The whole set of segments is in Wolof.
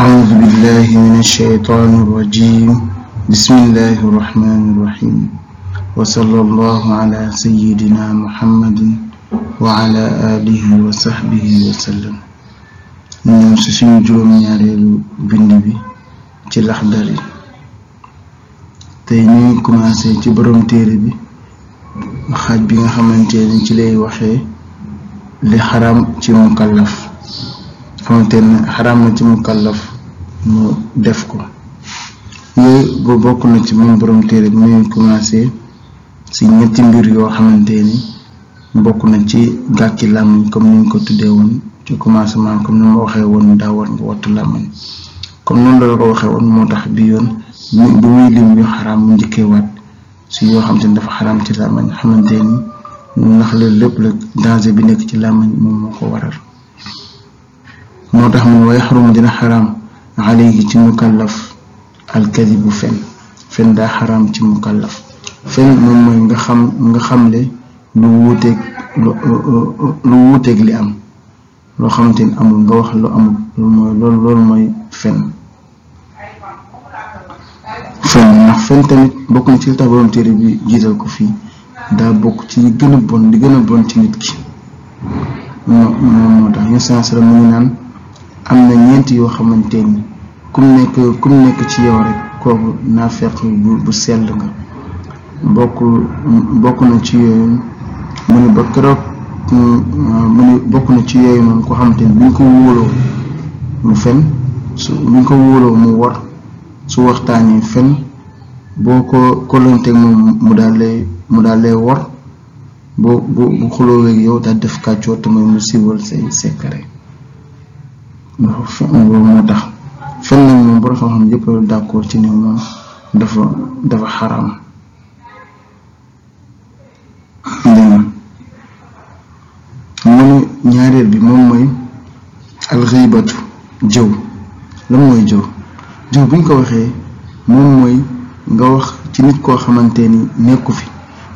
أعوذ بالله من الشيطان الرجيم بسم الله الرحمن الرحيم وصلى الله على سيدنا محمد وعلى آله وصحبه وسلم ñoom si suñu juróom-ñaareelu bind bi ci laxdar yi tey ñuy commencé ci borom téere bi xaaj bi nga xamante ne ci lay waxee li xaram ci mukallaf xamante ne na ci mu kàllaf mu def ko yooyu bu bokk na ci mu borom téere bi muy commencé si ñetti mbir yoo xamante ni bokk na ci gàkki làmmiñ comme ni ñu ko tuddee woon ci commencement comme ni ma waxee woon daa war nga wattu làmmiñ comme noonu la ko waxee woon moo tax bi yoon bi muy lim yu xaraam mu njëkkee waat si yoo xamante ni dafa xaram ci làmmiñ xamante ni ndax la lépp la danger bi nekk ci làmmiñ moom moo ko waral moo tax mun wa yaxrum dina xaraam alayhi ci mukallaf bu fen fen daa xaram ci mukallaf fen moom mooy nga xam nga xamle lu wuuteeg lu wuuteeg li am loo xamante ni amul nga wax lu amul loolu mooy fen fen ndax fen tamit bokk na ci li tax borom téere bi jiital ko fii daa bokk ci li gën a bon li gën bon ci nit ki moo moo tax ñu sens la mu ngi naan am na ñeent yoo xamante ni kum nekk kum nekk ci yow rek kooku naafeq bu bu sell nga bokk bokk na ci yooyu mu ni ba keroog mu ni bokk na ci yooyu moom ko xamante ni bu ñu ko wóoloo mu fen su bu ñu ko wóoloo mu war su waxtaanee fen boo ko kolonteeg moom mu daal mu daal lay war boo bu bu xuloo weeg yow daal def kàccoo te mooy mu siiwal say secret dafa moo tax fenn nag moom borom xam-xam yëpp d'accord ci ne moom dafa dafa xaraam dégg ne ñaareel bi moom mooy alxiibatu jëw lan mooy jëw jëw bu ñu ko waxee moom mooy nga wax ci nit koo xamante ni nekku fi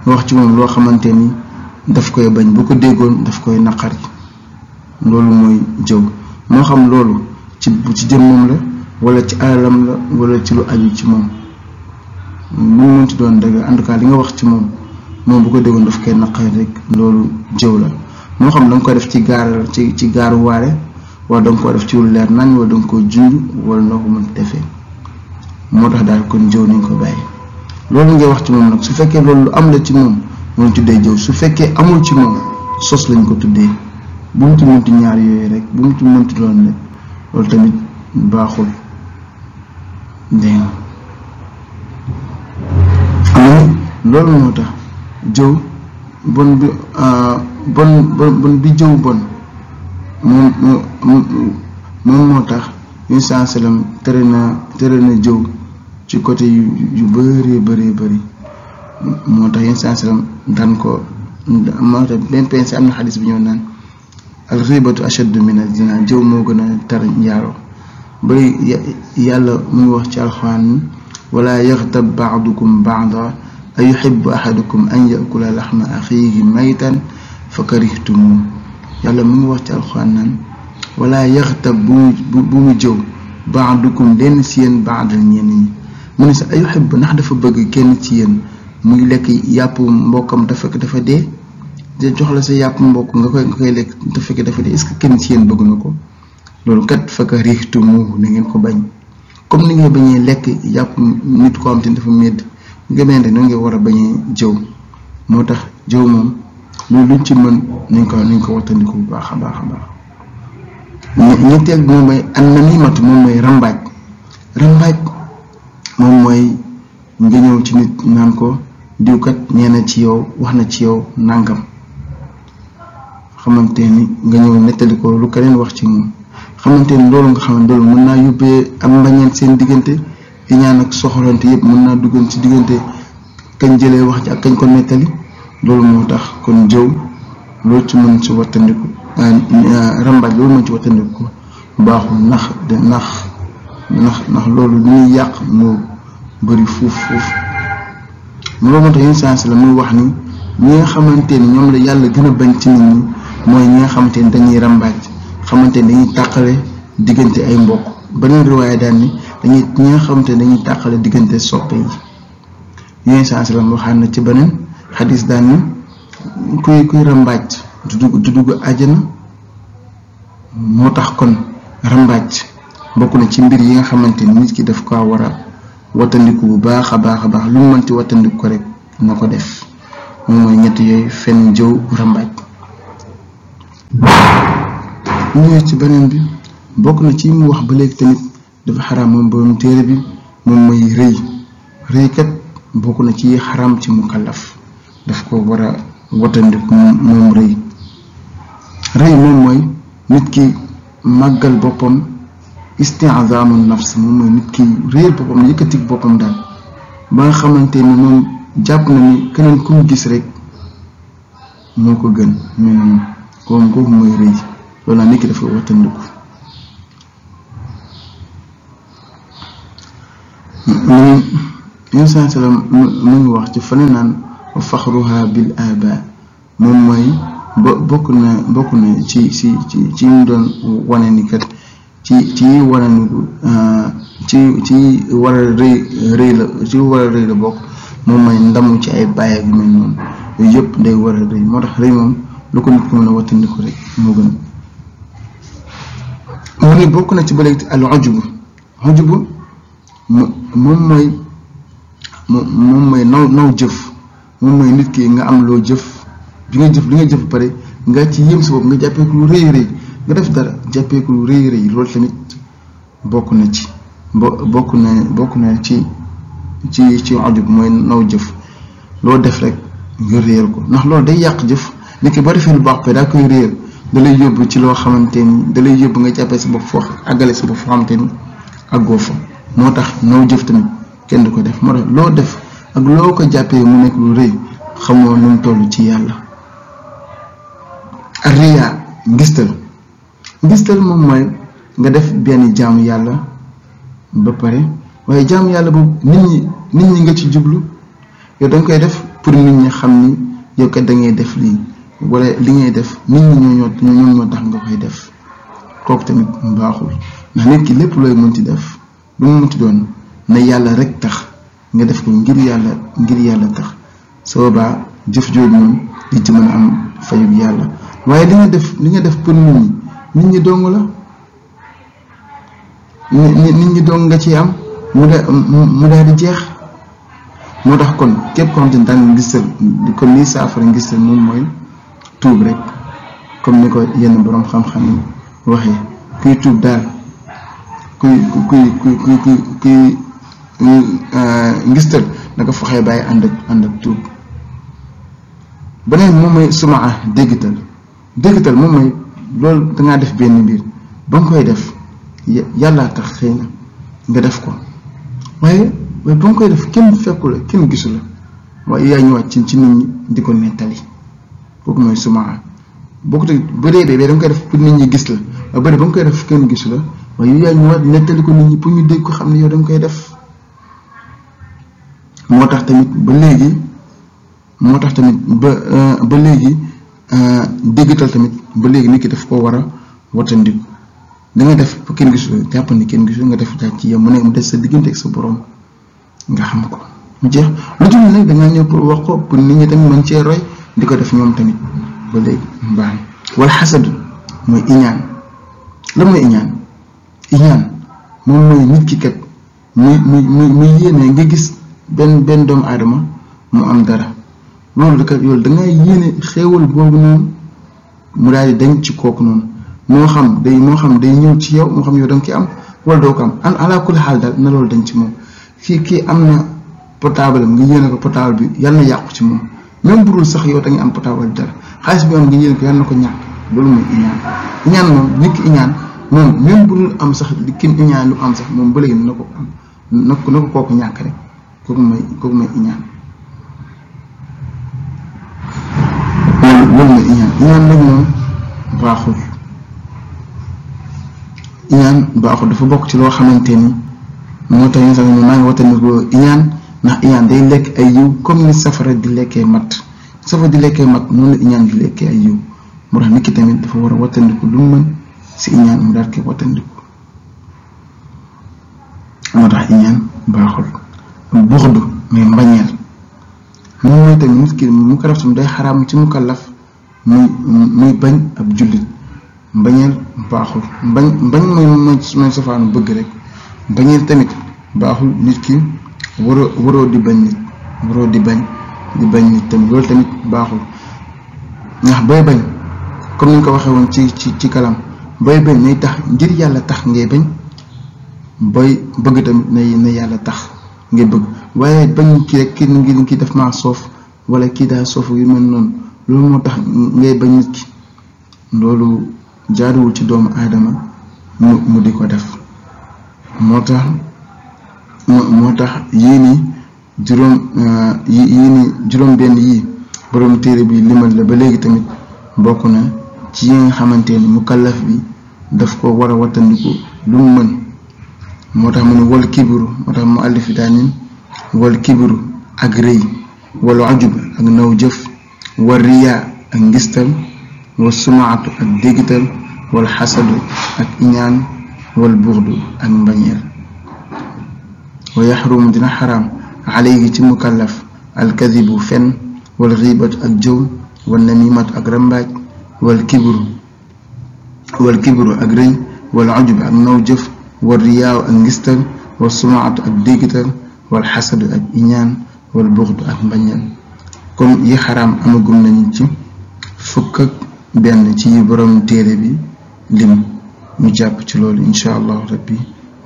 nga wax ci moom loo xamante ni daf koy bañ bu ko déggoon daf koy naqar naqari loolu mooy jëw moo xam loolu ci ci jëmmam la wala ci alalam la wala ci lu aju ci moom lu mu mënti doon dëgg en tout cas li nga wax ci moom moom bu ko déggoon daf koy naqari rek loolu jëw la moo xam da nga def ci gaar ci ci gaaru waare wala da ko def ci lu leer nañ wala da nga ko junj wala noo ko mën defee moo tax daal kon jëw nañ ko bàyyi loolu ngay wax ci moom nag su fekkee loolu lu am la ci moom moo tuddee jëw su fekkee amul ci moom sos lañ ko tuddee bu mu ci mënti ñaar yooyu rek bu mu ci mënti doon rek loolu tamit baaxul dégg nga loolu moo tax jëw bon bi euh, bon bi jëw bon moom moom moo tax yu sansalam tere na tere na jëw ci côté yu yu bëree bëree bëri moo tax yu sansalam daan ko moo tax benn pensé am na xadis bi ñoo naan alxibatu ashaddu min azina jëw moo gën a tar yàlla mu ngi wax ci alxuraan ni wala yaxtab baadukum baada a yuxibu fa karihtumu yàlla mu ngi wax ci alxuraan naan wala mu bu jëw baadukum lenn si yéen baadal ñenn ñi mu ne sax a yuxibu dafa bëgg kenn ci mu muy lekk yàpp mbokkam dafa dafa dee te jox la sa yàpp mbokk nga koy nga koy lekk te fekk dafa ne est-ce kenn ci yéen bëgg na ko loolu kat fekk riixtu mu na ngeen ko bañ comme ni nga bañee lekk yàpp nit ko am te dafa medd nga mende noonu nga war a bañee jëw moo tax jëw moom loolu luñ ci mën nañ ko nañ ko wattandiku bu baax a baax a baax ñetteel bi moom mooy an na nimatu moom mooy rambaaj rambaaj moom mooy nga ñëw ci nit naan ko diwkat nee na ci yow wax na ci yow nàngam xamante ni nga ñëw nettali ko lu keneen wax ci moom xamante ni loolu nga xamante loolu mën naa yóbbee am mbañeen seen diggante ñaan ak soxorante yëpp mën naa duggoon ci diggante kañ jële wax ci ak kañ ko nettali loolu moo tax kon jëw loolu ci mën ci wattandiku rambaaj loolu mën ci wattandiku baaxul nax de nax ndax ndax loolu li muy yàq moo bëri fuuf fuuf loolu moo tax yenn sens la muy wax ni ñi nga ñoom la yàlla gën a bañ ci mooy ñi nga xamante ni dañuy rambaaj xamante ni dañuy tàqale diggante ay mbokk beneen riwaaya daan ni dañuy ñi nga xamante ni dañuy tàqale diggante soppe yi yéen saa salaam waxaan na ci beneen xadis daan ni kuy kuy rambaaj du dugg du moo tax kon rambaaj bokk na ci mbir yi nga xamante ni nit ki daf ko war a wattandiku bu baax a baax a baax lu mu mënti wattandiku ko rek na ko def moom mooy ñett yooyu fenn jëw rambaaj ñëwee ci beneen bi bokk na ci mu wax ba léegi tamit dafa xaraam moom borom téere bi moom mooy rëy rëykat bokk na ci xaraam ci mukallaf daf ko war a watandiku moom rëy moom mooy nit ki màggal boppam istiazaamu nafs moom mooy nit ki réer boppam yëkkatig boppam daal ba nga xamante ni moom jàpp na ni keneen ku mu gis rek moo ko gën mel koom googu mooy rëy loolu laa nekk dafa wattandiku mu ngi wax ci fane naan faxruha bil aba moom mooy bokk na bokk na ci ci ci ci ñu doon wane ni kat ci ci wane ah, ci ci rëy rëy la ci war a rëy la bokk moom mooy ndam ci ay bàyyi mel noonu yooyu yëpp day war rëy moo tax rëy moom lu ko nit ko mën a ko rek moo gën mu bokk na ci ba léegi al ujub ujub moom mooy moom mooy naw naw jëf moom mooy nit ki nga am loo jëf bi nga jëf li nga jëf pare nga ci yëm si bopp nga jàppee ko lu nga def dara jàppee ko lu rëy loolu tamit bokk na ci bo bokk na bokk na ci ci ci ujub mooy naw jëf loo def rek nga réer ko ndax loolu day yàq jëf nekk boo defee lu baax pare daa koy réer da yóbbu ci loo xamante ni da lay yóbbu nga jàppee sa bopp foo àggale sa bopp ak goo fa moo tax noo jëf tamit kenn du ko def moo loo def ak loo ko jàppee mu nekk lu rëy xamoo nu mu toll ci yàlla arriya moom mooy nga def benn jaamu yàlla ba pare waaye jaamu yàlla boobu nit ñi nit ñi nga ci jublu yow danga koy def pour nit ñi xam ni yow kat da ngay def lii wala li ngay def nit ñi ñoo ñoo ñoom ñoo tax nga koy def kooku tamit baaxul ndax nit ki lépp looy mënti def lu mu mënti doon na yàlla rek tax nga def ko ngir yàlla ngir yàlla tax soo boobaa jëf jooju moom di ci mën a am fayub yàlla waaye li nga def li nga def pour nit ñi nit ñi dong la nit ñi dong nga ci am mu da mu daal di jeex moo tax kon képp koo xam te ne daan ngistal kon lii saafara ngistal moom mooy tuub rek comme ni ko yenn boroom xam-xam yi waxee kuy tuub daal kuy kuy kuy kuy kuy kuy euh, euh, ngistal na ko foxee bàyyi ànd ak ànd ak tuub beneen moom mooy sumaa ah, déggital déggital moom mooy loolu dangaa def benn mbir ba nga koy def yàlla tax xëy na nga def ko waaye waaye ba nga koy def kenn fekku la kenn gisu la waaye yaa ñëwaat ci ci ni ñi di ko nettali kooku mooy suma ko ak bëree bee da nga koy def pour nit ñi gis la waaye bëri ba nga koy def kenn gisu la waaye yow yaa ñu war nettali nit ñi pour ñu dégg ko xam ne yow da nga koy def moo tax tamit ba léegi moo tax tamit ba euh, ba léegi euh, déggatal tamit ba léegi nit ki daf koo war a wattandiku da def pour kenn gisul jàpp ni kenn gisul nga def daal ci yow mu nekk mu des sa diggante ak sa borom nga xam ko mu jeex lu ci nag da ngaa ñëw pour wax ko pour nit ñu tamit mën cee roy. di ko def ñoom tamit ba léegi mbaam wala xasadu mooy iñaan lan mooy iñaan iñaan moom mooy nit ki kat muy muy muy yéene nga gis benn benn doomu aadama mu am dara noonu la kat yow dangay ngay yéene xéewal boobu noonu mu daal di dañ ci kooku noonu moo xam day moo xam day ñëw ci yow moo xam yow da nga ci am wala doo ko am an ala kulli xaal daal na loolu dañ ci moom kii kii am na portable am nga yéene ko portable bi yàlla na yàqu ci moom. même bu dul sax yow da nga am potable wala dara xaalis bi am nga yéen ko yàlla na ko ñàkk loolu mooy iñaan iñaan moom am sax li ki moom ba ko am na ñàkk rek kooku mooy baaxul iñaan baaxul dafa bokk ci loo xamante ni moo tax maa ngi wattandiku iñaan ndax iñaan day lekk ay yiw comme ni safara di lekkee mat safara di lekkee mat noonu la iñaan di lekkee ay yiw moo tax nit ki tamit dafa war a wattandiku lu mu mën si iñaan mu daal koy wattandiku moo tax iñaan baaxul buxdu muy mbañeel mu mooy tamit nit ki mu ko def tam day xaraam ci mu kallaf muy muy bañ ab jullit mbañeel baaxul mbañ mbañ mooy mooy safaanu bëgg rek mbañeel tamit baaxul nit ki waroo waroo di bañ nit waroo di bañ di bañ nit tamit loolu tamit baaxul ndax booy bañ comme ni ko waxee woon ci ci ci kalam booy bañ nay tax ngir yàlla tax ngay bañ booy bëgg tamit nay yàlla tax ngay bëgg waaye bañ kii rek kii ngir kii daf ma soof wala kii daa soof yu mel noonu loolu moo tax ngay bañ nit ki loolu jaaduwul ci doomu aadama mu mu di ko def moo tax moo tax yii ni juróom euh, juróom benn yi boroom téere bi limal la ba léegi tamit bokk na ci yi nga xamante ni mukallaf bi daf ko war a wattandiku lu mu mën moo tax mu ne wal kibiru moo tax mu àllif daanin wal kibiru ak rëy wal ajub ak naw jëf wal riyaa ak ngistal wal sumaatu ak déggital wal xasadu ak iñaan wal buxdu ak mbañeel wa yaxrumu dina xaraam alayhi ci mukallaf alkadibu fen wal xiibatu ak jëw wal namimatu ak rambaaj wal kibru wal kibru ak rëy wal ujub ak naw jëf wal riyaaw ak ngistal wal sumaatu ak déggital wal xasadu ak iñaan wal buxdu ak mbañeel kon yi xaram amagum nañu ci fukk ak benn ci yi téere bi lim mu jàpp ci loolu incha rabbi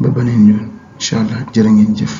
ba beneen yoon incha allah jërë ngeen jëf.